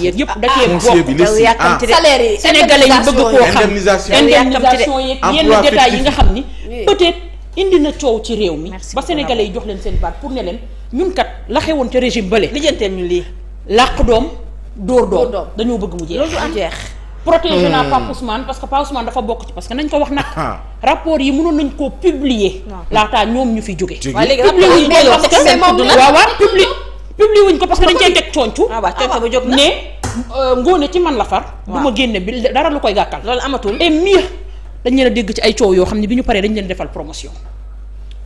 yéeg yëpp da cee ah, bokk ah. salaire yi sénégalais yi bëgg koo xam indemnisation yenn détails yi nga xam ni peut indi na coow ci réew mi ba sénégalais yi jox leen seen baat pour ne leen ñun kat la xewoon ca régime bële lijjanteel ñu lii làq doom dóor doom dañoo bëgg mu jeex protégé naa hmm. Pape Ousmane parce que Pape Ousmane dafa bokk ci parce que nañ ko wax nag ah. rapport yi mënoon nañ koo publier laataa ñoom ñu fi jóge waaw waaw publier publié wuñ ko parce que dañ cee teg cooncu. ah waaw ba jóg na ne euh, ngóone ci man la far. waaw ma génne bi dara lu koy gàkkal. loolu amatul et mieux dañ leen a dégg ci ay coow yoo xam ne bi ñu paree dañ leen defal promotion.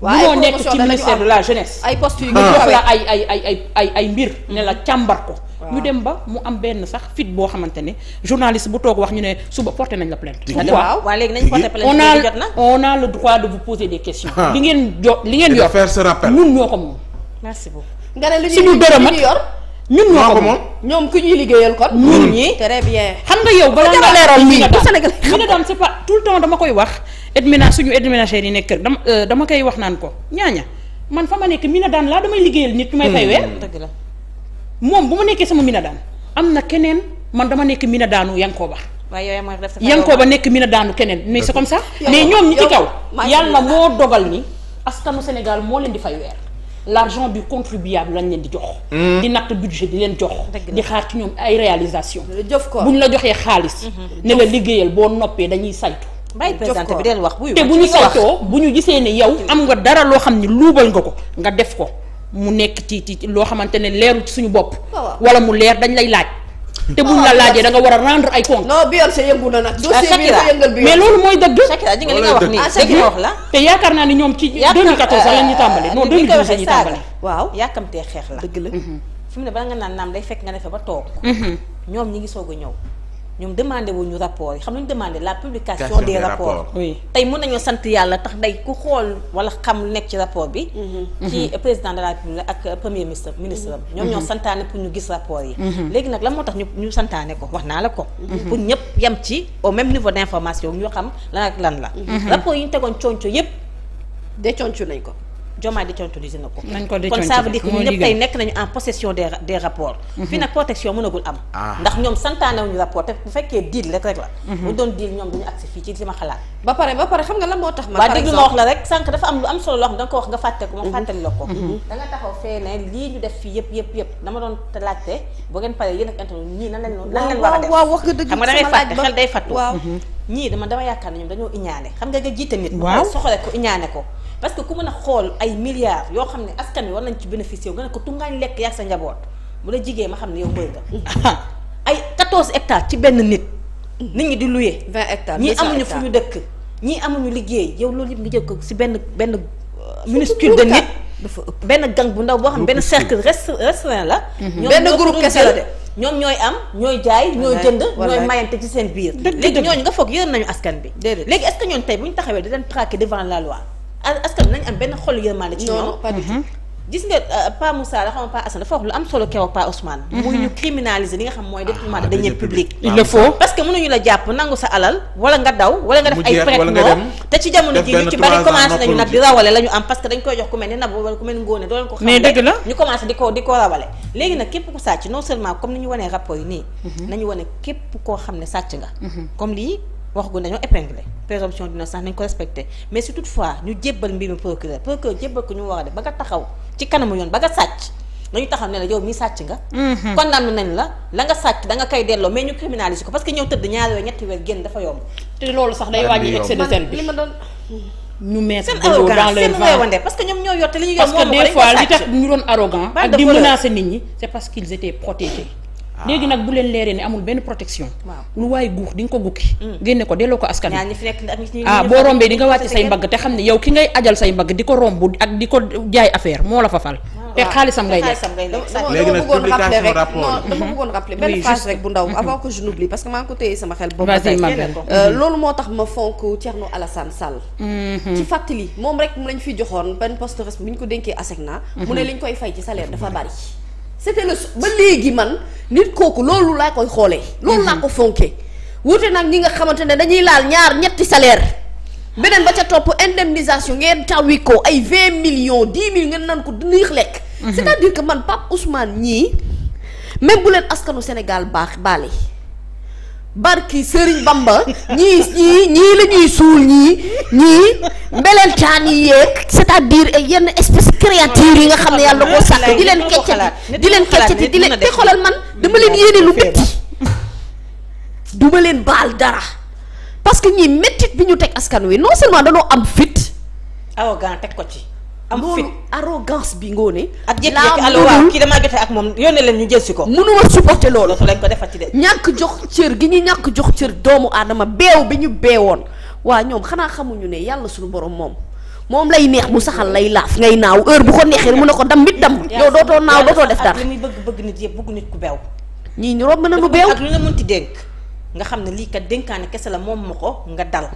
waaw nekk ci ministère de la jeunesse. ay postes yu ñu jox la ay ay ay ay mbir. Mm. ne la càmbar ko. ñu dem ba mu am benn sax fit boo xamante ne journaliste bu toog wax ñu ne suba porté nañ la plainte. waaw waaw léegi nañ porté plainte jot na a a le droit de vous poser des questions. Ah. li ngeen jo li ngeen ko nga ne li suñu dërëm ak yor ñun ñoo ko moom ñoom ku ñuy liggéeyal kon ñun ñi très bien xam nga yow balaa nga leeral lii bu Sénégal ñi daan c'est pas tout le temps dama koy wax edmina suñu edminagère nekk kër dama euh, dama koy wax naan ko ñaaña man fa ma nekk mi na daan laa damay liggéeyal nit ñu may fay hmm. dëgg la moom bu ma nekkee sama mi na daan am na keneen man dama nekk mi na daanu yaa ngi koo bax yankoo ba nekk mi na daanu keneen mais c'est comme ça mais ñoom ñi ci kaw yàlla moo dogal ni nu Sénégal moo leen di fay weer l'argent du contribuable lañ leen di jox. Hmm. di natt budget di leen jox. di xaar ci ñoom ay réalisation euh, ñu la joxee xaalis. Hmm. ne la liggéeyal boo noppee dañuy saytu. bàyyi présidente bi del wax buy te bu ñu saytoo bu ñu gisee ne yow am nga dara loo xam ni luubal nga ko nga def ko mu nekk ci ci loo xamante ne leeru ci suñu bopp. wala mu leer dañ lay laaj. te bu la laajee da nga war a rendre ay compte. non Beyoncé yëngu na nag. dossier bi dafa yëngal Beyoncé mais loolu mooy dëgg. Shakira ji nga li te yaakaar naa ni ñoom ci 2014 la euh, ñu tàmbale non 2012 la ñu tàmbale. waaw yàkkamtee xeex la dëgg la. fi ne bala nga naan naam day fekk nga defe ba toog. Mhm. ñoom ñu ngi soog a ñëw ñoom demandé wuñu rapport yi xam nañu demandé la publication des rapports tey mën nañoo sant yàlla tax day ku xool wala xam nekk ci rapport bi mhm. ci mhm. président de la république ak premier ministre ministre am mhm. ñoom ñoo santaane pour ñu gis rapport yi léegi nag la moo tax ñu ñu santaane ko wax naa la ko pour ñëpp yem ci o même niveau d'information ñu xam lan ak lan la rapport yi ñu tegoon conco yëpp de conco nañ ko jomaa décomptabilisé na ko. nañ ko kon ça veut dire que tey nekk nañu en possession des des rapports. Mhm. nag protection mënagul am. Ah. ndax ñoom santaanewuñu rapport te bu mhm. ba pare ba pare xam nga lan moo tax. ma la rek sànq dafa am lu am solo loo fàtte mhm. yëpp yëpp yëpp dama doon laajte bu ngeen paree yéen ak internet ñii nan lañ lan lañ a def waaw wax nga dëgg xam xel day fàttu ñii dama dama yaakaar ñoom dañoo iñaane xam nga nga jiite nit. waaw soxale ko iñaane ko parce que ku mën a xool ay milliards yoo xam ne askan bi war nañ ci bénéficier wu nga ne ko tungaañ lekk yaa sa njaboot bu la jigéen ma xam ne yow mbëy nga ay 14 hectares ci benn nit nit ñi di louer 20 hectares ñii amuñu fu ñu dëkk ñi amuñu liggéey yow loolu yëpp nga jël ko si benn benn euh, minuscule de nit dafa ëpp benn gang bu ndaw boo xam ne benn cercle restreint la mhm. benn groupe kese la ñoom ñooy am ñooy jaay ñooy jënd ñooy mayante ci seen biir léegi ñooñu nga foog yër nañu askan bi léegi est-ce que ñooñu tey bu ñu taxawee di leen traquer askan nañ am benn xolu yërmande ci ñoom mhm. gis nga euh, Pa Moussa dafa wax lu am solo keroog Pa Ousmane mhm. muy ñu criminaliser li nga xam mooy de ah, deniers il ah, le faut parce que mënuñu la jàpp nangu sa alal wala nga daw wala nga def ay prête-nom te ci jamono ji ñu ci bari commencé nañu nag di rawale la am parce que dañ koy jox ku mel ni nab wala ku mel ni ngóone ko xam mais di ko di ko rawale léegi nag képp ku sàcc non seulement comme ni ñu wanee rapport yi mhm. waxaguñ dañoo épinglé présomption d'innocence nañ ko respecté mais si toutefois ñu jébbal mbir mi procureur procureur jébbal ko ñu war a def ba nga taxaw ci kanamu yoon ba nga sàcc dañu taxaw ne la yow mii sàcc nga. Mhm. condamné nañ la la nga sàcc da nga delloo mais ñu criminalisé ko parce que ñëw tëdd ñaari weer ñetti weer génn dafa yomb. te loolu sax day wàññi excès de zèle bi parce que ñoom ñoo yor te li ñu yor moomu ko parce que des fois li ñu doon arrogant Ah. léegi nag bu leen leeree ne amul benn protection lu waaye guux di nga ko gukki mm. génne ko delloo ko askan ah boo rombee di wàcc say mbagg te xam ne yow ki ngay ajal say mbagg di ko romb ak di ko jaay affaire moo la fa fal ah, te xaalisam ngay lekk léegi nag publication rapport dama bëggoon rappeler benn phrase rek bu ndaw avant que je n'oublie parce que maa ko téye sama xel boobu ba tey euh, loolu moo tax ma fonk Thierno Alassane Sall mm-hmm. ci fàttali moom rek mu lañ fi joxoon benn poste res ko dénkee ASECNA mm-hmm. mu ne liñ c'était le ba léegi man nit kooku loolu laa koy xoolee. loolu laa mhm. ko fonke wuute nag ñi nga xamante ne dañuy laal ñaar ñetti salaire beneen ba ca topp indemnisation ngeen tawi ko ay vingt millions dix mille ngeen nan ko duniix lekk. Mhm. c'est-à-dire que man Pape Ousmane ñii même bu leen askanu Sénégal baax baale. barki Serigne Bamba ñii ñii ñii la ñuy suul ñii ñii mbelentaan yi yeeg cest à yenn espèce créature yi nga xam ne yàlla koo sàkk di leen keccati di leen keccati di leen te xoolal man dama leen yéene lu métti duma leen baal dara parce que ñii méttit bi ñu teg askan wi non seulement danoo am fit arrogant teg ko ci am ah, fit arrogance bi ngoone ak jékki-jékki allo waaw kii damaa jotee ak moom leen ñu jël si ko mënuma supporter loolu lañ ko defati de ñàkk jox cër gi ñu ñàkk jox cër doomu aadama beew bi ñu beewoon waa ñoom xanaa xamuñu ne yàlla suñu borom moom moom lay neex mu saxal lay laaf ngay naaw heure bu ko neexee mu ne ko dam mit dam yow dootoo naaw dootoo def dara li muy bëgg bëgg nit yëpp bëgg nit ku beew ñii ñu romb nañu beew ak lu la mënti dénk nga xam ne lii kat dénkaane kese la moom ma ko nga dal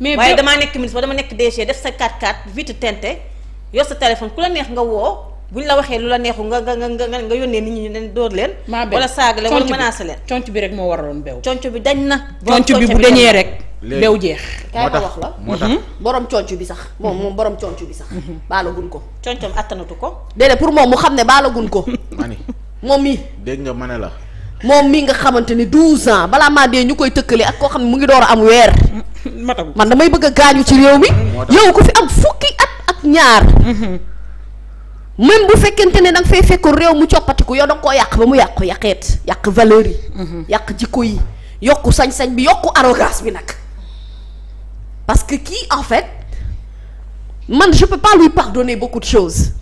mais waaye damaa nekk ministre dama nekk DG def sa 4 4 vite tenté yor sa téléphone ku la neex nga woo buñ la waxee lu la neexul nga nga nga nga yónnee nit ñi ne dóor leen. wala saaga leen wala menacé leen. conc rek moo waraloon bew. conc bi dañ na. moo tax wax la mhm. bi sax moom moom borom conc bi sax. Mhm. baalagun ko. concam attanatu ko. déedéet pour moom mu xam ne baalagun ko. moom mii. dégg nga ma la. moom mii nga xamante ni 12 ans balaa maa dee ñu koy tëkkale ak koo xam ne mu ngi door a am weer. man damay bëgg a gaañu ci réew mi. yow ku fi am fukki ñaar mm-hmm. même bu fekkente ne da nga fay fekk réew mu coppatiku yow da nga koo yàq ba mu yàqu yàqeet yàq valeur yi mm-hmm. yàq jikko yi yokku sañ-sañ bi yokku arrogance bi nag parce que kii en fait man je peux pas lui pardonner beaucoup de choses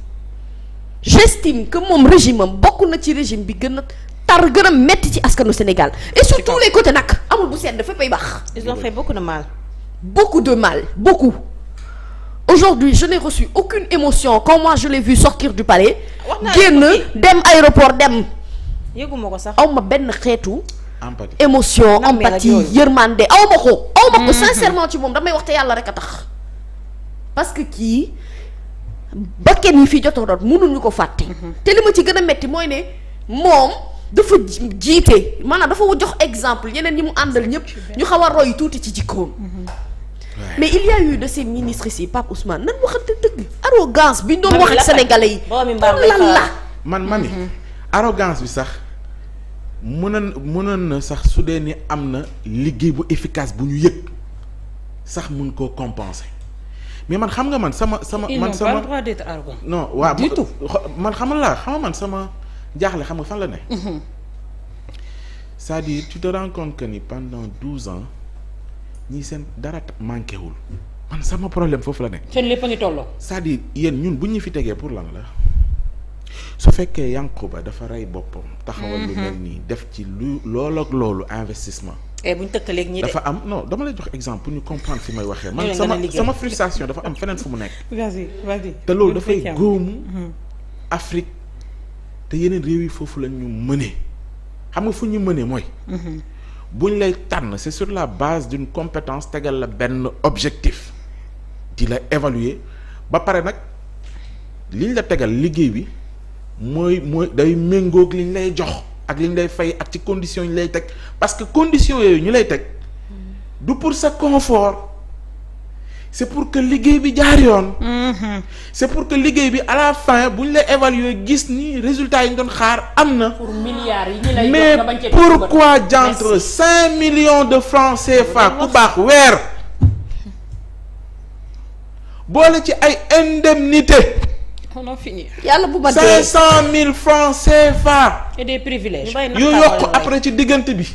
j'estime que moom régime am bokk na ci régime bi gën a tar gën a metti ci askanu Sénégal et sur tous les côtés nag amul bu sedd fépp ay baax ils ont fait de mal beaucoup de aujourd'hui je n'ai reçu aucune émotion quand moi je l'ai vu sortir du palais génn dem aéroport dem yëguma ko sax awma benn xeetu émotion empathie yërmande awma ko awma ko mhm. sincèrement ci moom damay wax te yàlla rek a tax parce que kii bakken yi fi joto doon mënuñu ko fàtte mhm. te li ma ci gën a metti mooy ne moom dafa jiite maanaam dafa jox exemple yeneen ñi mu àndal ñëpp ñu xaw a roy tuuti ci jikkoom mhm. mais il y a eu de ces ministres ici Pape Ousmane nan arrogance bi ñu wax ak sénégalais yi lan oh la man ma ni arrogance bi sax mënoon mënoon na sax su dee ni am na liggéey bu efficace bu ñu yëg sax mun koo compenser mais man xam nga man sama sama man sama non waaw man xam nga laa xam man sama jaaxle xam nga fan la ne mm-hmm. c'est-à-dire tu te ni pendant douze ans ñii seen dara manqué wul man sama problème foofu la ne. seen lépp a ngi tolloo. cest yéen ñun bu ñu fi tegee pour lan la su fekkee ba dafa rey boppam. taxawal lu mhm. mel nii def ci lu loolu ak loolu investissement. et eh, bu ñu tëkkaleeg ñi dafa am non dama lay jox exemple pour ñu comprendre fi may waxee. man sama sama frustration dafa am feneen fu mu nekk. vas-y te loolu dafay góomu. Mhm. Afrique te yeneen réew yi foofu la ñu mënee xam nga fu ñu mënee mooy. Mhm. bu ñu lay tànn c'est sur la base d'une compétence tegal la benn objectif di la évaluer ba pare nag liñ la tegal liggéey bi mooy mooy day méngook liñ lay jox ak liñ lay fay ak ci conditions yi ñu lay teg parce que conditions yooyu ñu lay teg du pour sa confort c' est pour que liggéey bi jaar yoon. Mm-hmm. c' pour que liggéey bi à la fin bu ñu la évaluer gis ni résultat yi ñu doon xaar am na. pour milliards yi ñu lay mais pourquoi jantre cinq millions de francs CFA ku baax weer. boole ci ay indemnité bu ma dee cinq cent mille francs CFA. et des privilèges. yu yokk après ci diggante bi.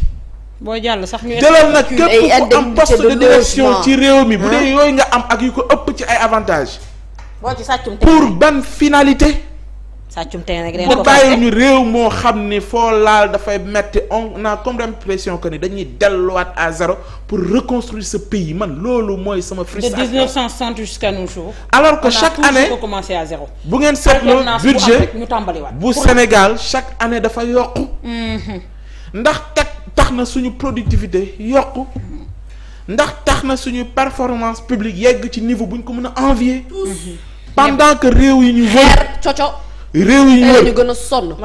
boo jàll sax ñu. jëlal na képp ku am poste de direction ci réew mi. bu dee yooyu nga am ak yu ko ëpp ci ay avantage boo ci sàccum tey pour ban finalité. sàccum tey rek mu bàyyi ñu réew moo xam ni foo laal dafay metti on a comme l'impression que ni dañuy delluwaat à zéro pour reconstruire ce pays man loolu mooy sama. frustration de 1960 jusqu'à nos alors que chaque année on a commencé à zéro. bu ngeen seetloo budget ñu tàmbaliwaat bu Sénégal chaque année dafa yokk. Mm-hmm. ndax kat. tax na suñu productivité yokk ndax tax na suñu performance publique yegg ci niveau buñ ko mën a envier pendant que réew yi ñu wër coco réew yi ñu wër gën a sonn